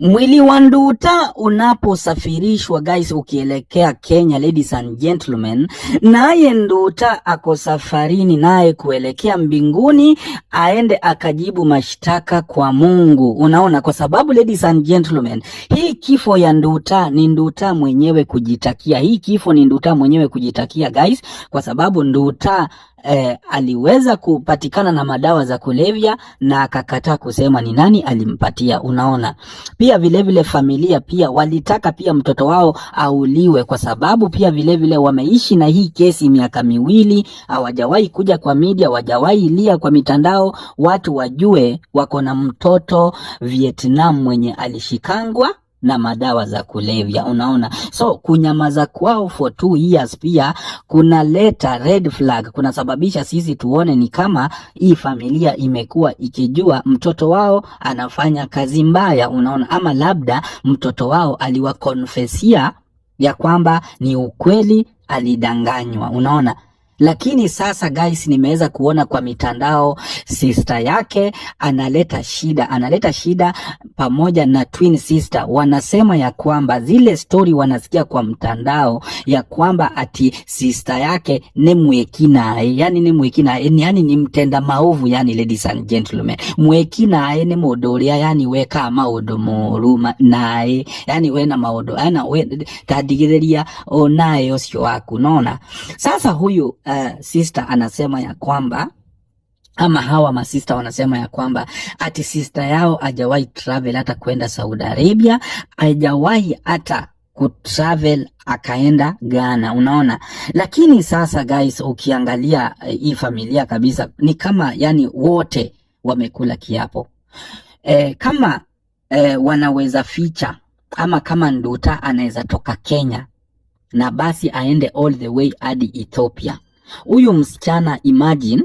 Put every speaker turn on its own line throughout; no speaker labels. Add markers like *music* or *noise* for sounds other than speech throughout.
Mwili wa Nduta unaposafirishwa guys, ukielekea Kenya, ladies and gentlemen, naye Nduta ako safarini naye kuelekea mbinguni, aende akajibu mashtaka kwa Mungu. Unaona, kwa sababu ladies and gentlemen, hii kifo ya Nduta ni Nduta mwenyewe kujitakia. Hii kifo ni Nduta mwenyewe kujitakia guys, kwa sababu Nduta eh, aliweza kupatikana na madawa za kulevya na akakataa kusema ni nani alimpatia. Unaona, pia vilevile vile familia pia walitaka pia mtoto wao auliwe, kwa sababu pia vilevile vile wameishi na hii kesi miaka miwili, hawajawahi kuja kwa media, hawajawahi lia kwa mitandao, watu wajue wako na mtoto Vietnam mwenye alishikangwa na madawa za kulevya, unaona. So kunyamaza kwao for two years pia kunaleta red flag, kunasababisha sisi tuone ni kama hii familia imekuwa ikijua mtoto wao anafanya kazi mbaya, unaona, ama labda mtoto wao aliwakonfesia ya kwamba ni ukweli, alidanganywa, unaona. Lakini sasa guys, nimeweza kuona kwa mitandao sister yake analeta shida, analeta shida pamoja na twin sister. Wanasema ya kwamba zile story wanasikia kwa mtandao ya kwamba ati sister yake ni mwekina, yani ni mwekina, yani ni mtenda maovu, yani ladies and gentlemen, mwekina ni modoria, yani weka maundu moru nae, yani we na ana we tadigiriria onae ucio waku nona sasa huyu uh, sister anasema ya kwamba ama hawa masista wanasema ya kwamba ati sister yao ajawahi travel hata kwenda Saudi Arabia, ajawahi hata kutravel akaenda Ghana, unaona. Lakini sasa guys, ukiangalia eh, hii familia kabisa ni kama yani wote wamekula kiapo e, kama e, wanaweza ficha ama kama Nduta anaweza toka Kenya na basi aende all the way hadi Ethiopia Huyu msichana imagine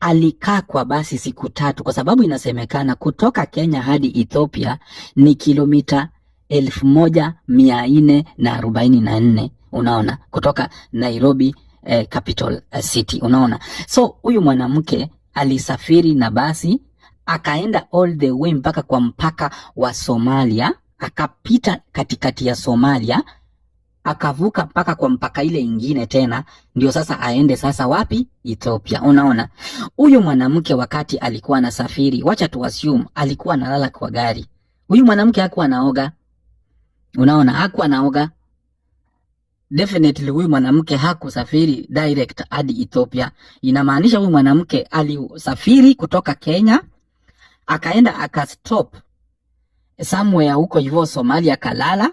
alikaa kwa basi siku tatu, kwa sababu inasemekana kutoka Kenya hadi Ethiopia ni kilomita elfu moja mia nne na arobaini na nne unaona, kutoka Nairobi eh, capital eh, city unaona. So huyu mwanamke alisafiri na basi akaenda all the way mpaka kwa mpaka wa Somalia, akapita katikati ya Somalia akavuka mpaka kwa mpaka ile ingine tena, ndio sasa aende sasa wapi? Ethiopia. Unaona, huyu mwanamke wakati alikuwa anasafiri, wacha tu assume alikuwa analala kwa gari. Huyu mwanamke hakuwa anaoga, unaona, hakuwa anaoga. Definitely huyu mwanamke hakusafiri direct hadi Ethiopia. Inamaanisha huyu mwanamke alisafiri kutoka Kenya akaenda akastop somewhere huko hivyo Somalia, kalala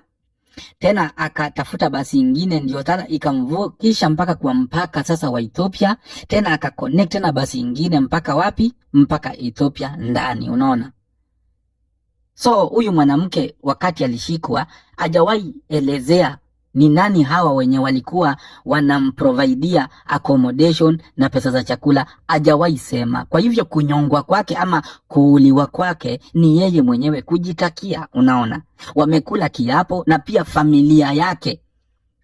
tena akatafuta basi ingine ndio tena ikamvukisha mpaka kwa mpaka sasa wa Ethiopia, tena akakonekt na basi ingine mpaka wapi? Mpaka Ethiopia ndani, unaona. So huyu mwanamke wakati alishikwa hajawahi elezea ni nani hawa wenye walikuwa wanamprovaidia accommodation na pesa za chakula, hajawahi sema. Kwa hivyo kunyongwa kwake ama kuuliwa kwake ni yeye mwenyewe kujitakia. Unaona, wamekula kiapo na pia familia yake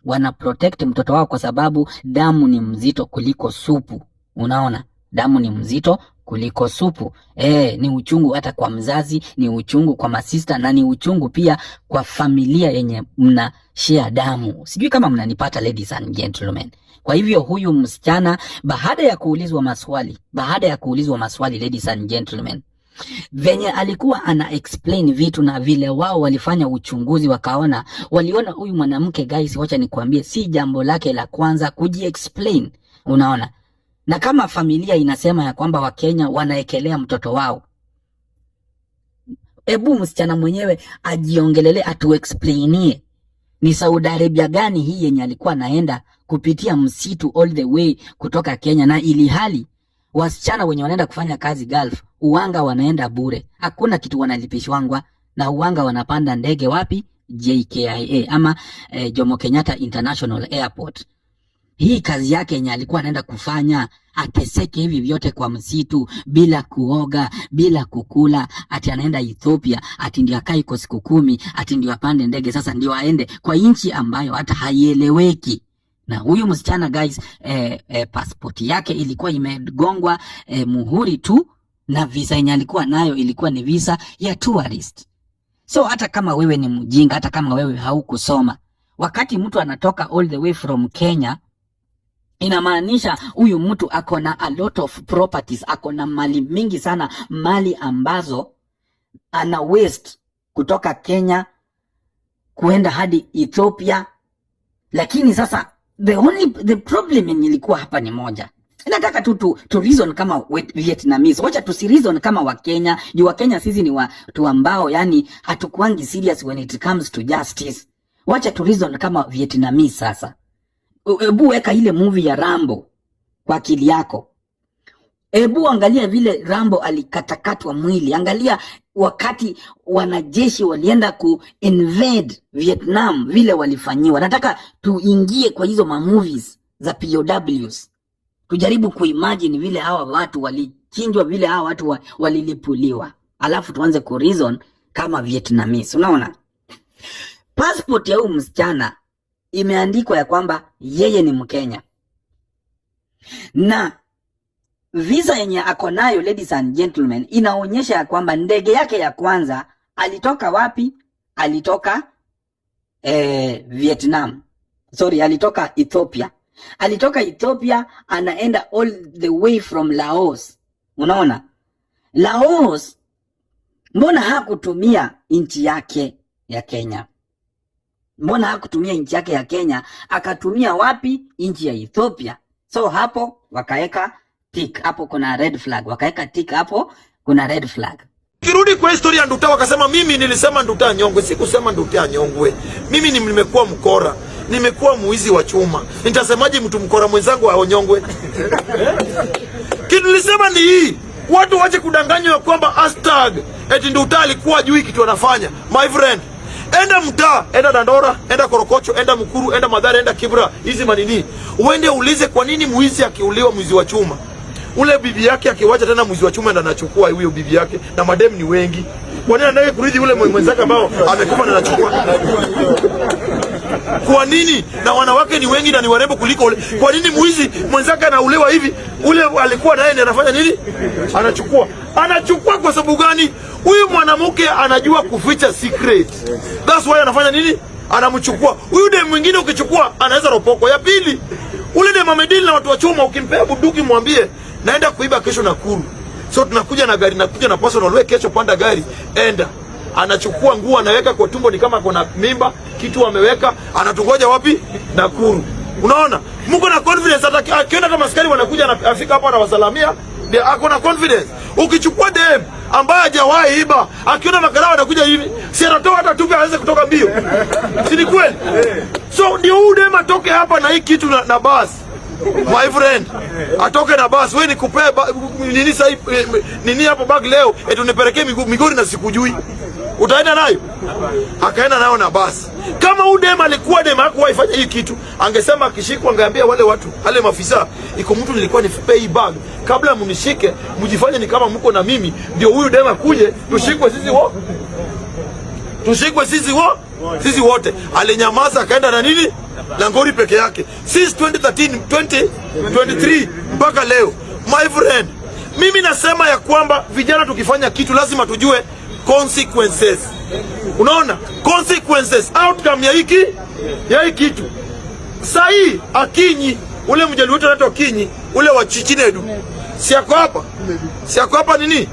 wana protect mtoto wao, kwa sababu damu ni mzito kuliko supu. Unaona, damu ni mzito kuliko supu. E, ni uchungu hata kwa mzazi, ni uchungu kwa masista na ni uchungu pia kwa familia yenye mna share damu. Sijui kama mnanipata ladies and gentlemen. Kwa hivyo huyu msichana baada ya kuulizwa maswali, baada ya kuulizwa maswali ladies and gentlemen, venye alikuwa ana explain vitu na vile wao walifanya uchunguzi, wakaona waliona huyu mwanamke guys, wacha nikwambie, si jambo lake la kwanza kuji explain. Unaona? Na kama familia inasema ya kwamba Wakenya wanaekelea mtoto wao, hebu msichana mwenyewe ajiongelele, atuexplainie ni Saudi Arabia gani hii yenye alikuwa anaenda kupitia msitu all the way kutoka Kenya, na ili hali wasichana wenye wanaenda kufanya kazi Gulf uwanga wanaenda bure, hakuna kitu wanalipishwangwa, na uwanga wanapanda ndege wapi? JKIA ama eh, Jomo Kenyatta International Airport. Hii kazi yake yenye alikuwa anaenda kufanya ateseke hivi vyote kwa msitu bila kuoga bila kukula, ati anaenda Ethiopia, ati ndio akae kwa siku kumi, ati ndio apande ndege, sasa ndio aende kwa nchi ambayo hata haieleweki. Na huyu msichana guys, eh, eh, passport yake ilikuwa imegongwa eh, muhuri tu, na visa yenye alikuwa nayo ilikuwa ni visa ya tourist. So hata kama wewe ni mjinga, hata kama wewe haukusoma, wakati mtu anatoka all the way from Kenya Inamaanisha huyu mtu ako na a lot of properties, ako na mali mingi sana, mali ambazo ana waste kutoka Kenya kuenda hadi Ethiopia. Lakini sasa the only the problem ilikuwa hapa ni moja, nataka tu tu, tu reason kama Vietnamese, wacha tu si reason kama wa Kenya juu wa Kenya sisi ni watu ambao yani hatukuangi serious when it comes to justice. Wacha tu reason kama Vietnamese sasa ebu weka ile movie ya Rambo kwa akili yako. ebu angalia vile Rambo alikatakatwa mwili, angalia wakati wanajeshi walienda ku invade Vietnam vile walifanyiwa. Nataka tuingie kwa hizo movies za POWs, tujaribu kuimagine vile hawa watu walichinjwa, vile hawa watu walilipuliwa, alafu tuanze ku reason kama Vietnamese. Unaona passport ya huyu msichana imeandikwa ya kwamba yeye ni Mkenya na visa yenye ako nayo, ladies and gentlemen, inaonyesha ya kwamba ndege yake ya kwanza alitoka wapi? Alitoka eh, Vietnam, sorry, alitoka Ethiopia. Alitoka Ethiopia anaenda all the way from Laos. Unaona, Laos mbona hakutumia nchi yake ya Kenya? Mbona hakutumia nchi yake ya Kenya, akatumia wapi? Nchi ya Ethiopia. So hapo wakaweka tick hapo, kuna red flag, wakaweka tick hapo, kuna red flag.
Kirudi kwa historia ya Nduta, wakasema mimi nilisema Nduta nyongwe. Sikusema Nduta nyongwe, mimi nimekuwa mkora, nimekuwa muizi wa chuma. Nitasemaje mtu mkora mwenzangu aonyongwe? *laughs* Nilisema ni hii, watu wache kudanganywa kwamba hashtag eti Nduta alikuwa ajui kitu anafanya. My friend Enda mtaa, enda Dandora, enda Korokocho, enda Mukuru, enda Madhare, enda Kibra, hizi manini, uende ulize kwa nini mwizi akiuliwa, mwizi wa chuma ule bibi yake akiwacha tena mwizi wa chuma ndo anachukua huyo bibi yake, na mademu ni wengi. Kwa nini anataka kuridhi ule mwenzake ambao amekufa na anachukua kwa nini? Na wanawake ni wengi na ni warembo kuliko ule. Kwa nini mwizi mwenzake anaulewa hivi? Ule alikuwa naye anafanya nini? Anachukua. Anachukua kwa sababu gani? Huyu mwanamke anajua kuficha secret. That's why anafanya nini? Anamchukua. Huyu dem mwingine ukichukua anaweza ropoko. Ya pili, ule dem amedili na watu wa chuma ukimpea bunduki mwambie naenda kuiba kesho Nakuru. So tunakuja na gari nakuja na personal wewe kesho panda gari enda anachukua nguo anaweka kwa tumbo, ni kama kuna mimba kitu ameweka, anatugoja wapi? Nakuru. Unaona, mko na confidence, hata akiona kama askari wanakuja anafika hapo anawasalamia, ndio ako na confidence. Ukichukua dem ambaye hajawahi iba, akiona makarao anakuja hivi, si anatoa hata tupe aweze kutoka mbio, si ni kweli? So ndio huyu dem atoke hapa na hii kitu na, na basi My friend atoke na basi, Wewe nikupe nini sasa eh, nini hapo bag leo, eti unipelekee Migori na sikujui utaenda nayo? Akaenda nayo na basi. Kama huyu dema alikuwa dema yako waifanya hii kitu, angesema akishikwa, angeambia wale watu, wale maafisa, iko mtu nilikuwa ni pay bag, kabla mnishike mjifanye ni kama mko na mimi, ndio huyu dema kuje tushikwe sisi wo, tushikwe sisi wo, sisi wote. Alinyamaza akaenda na nini na ngori peke yake, since 2013 23 mpaka leo. My friend, mimi nasema ya kwamba vijana tukifanya kitu lazima tujue consequences. Unaona consequences, outcome ya hiki ya hiki kitu sahii. Akinyi ule mjali wetu anaitwa Akinyi ule wa Chichinedu, si ako hapa, si ako hapa nini,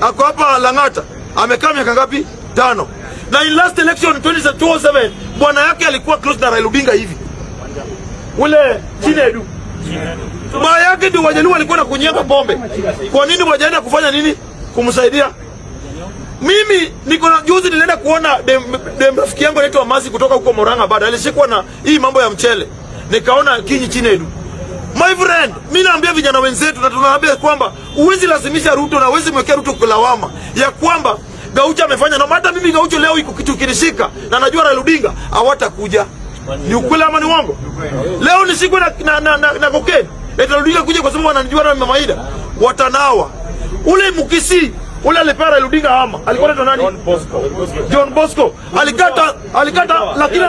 ako hapa Lang'ata, amekaa miaka ngapi? Tano. Na in last election 2007 bwana yake alikuwa close na Raila Odinga hivi, ule Chinedu baa yake ndio wajaluo walikuwa na kunyega pombe. Kwa nini wajaenda kufanya nini kumsaidia mimi niko na juzi nilienda kuona dem, dem rafiki yangu anaitwa Masi kutoka huko Moranga bado alishikwa na hii mambo ya mchele. Nikaona kinyi chini yetu. My friend, mimi naambia vijana wenzetu na tunawaambia kwamba uwezi lazimisha Ruto na uwezi mwekea Ruto kulawama ya kwamba Gaucho amefanya na hata mimi Gaucho leo iko kitu kinishika na najua Raila Odinga hawatakuja. Ni ukweli ama ni uongo? Leo nishikwe na na na, na, na kokeni. Raila Odinga kuja kwa sababu wananijua na Mama Ida. Watanawa. Ule mkisi Ule alipera Ludinga hama. Alikuwa anaitwa nani? John Bosco. John Bosco. Alikata alikata lakini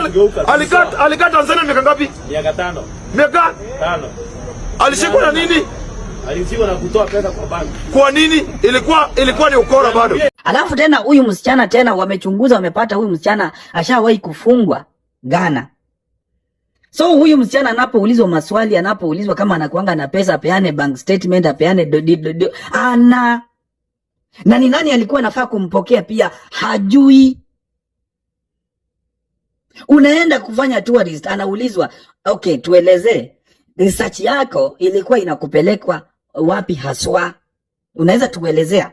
alikata alikata Tanzania miaka ngapi? Miaka tano. Miaka tano. Alishikwa na nini?
Alishikwa na kutoa pesa kwa banki.
Kwa nini? Ilikuwa ilikuwa ni ukora bado.
Alafu tena huyu msichana tena wamechunguza wamepata huyu msichana ashawahi kufungwa Ghana. So huyu msichana anapoulizwa maswali, anapoulizwa kama anakuanga na pesa, apeane bank statement, apeane do, do, do, do, ana na ni nani alikuwa anafaa kumpokea pia hajui. Unaenda kufanya tourist, anaulizwa okay, tuelezee research yako ilikuwa inakupelekwa wapi haswa, unaweza tuelezea?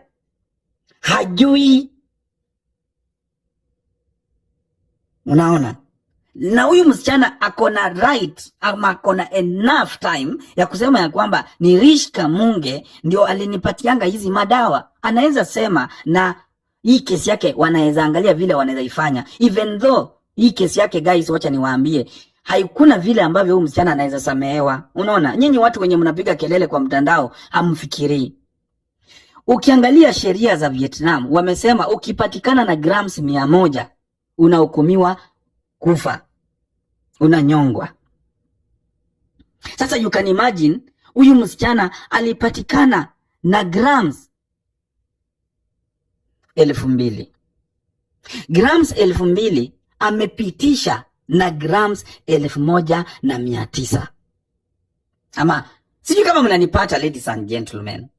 Hajui, unaona na huyu msichana ako na right ama ako na enough time ya kusema ya kwamba ni Rich Kamunge ndio alinipatianga hizi madawa. Anaweza sema na hii kesi yake wanaweza angalia vile wanaweza ifanya, even though hii kesi yake guys, wacha niwaambie haikuna vile ambavyo huyu msichana anaweza samehewa. Unaona, nyinyi watu wenye mnapiga kelele kwa mtandao hamfikirii. Ukiangalia sheria za Vietnam wamesema ukipatikana na grams mia moja unahukumiwa kufa, unanyongwa. Sasa you can imagine huyu msichana alipatikana na grams elfu mbili grams elfu mbili amepitisha na grams elfu moja na mia tisa ama sijui kama mnanipata, ladies and gentlemen.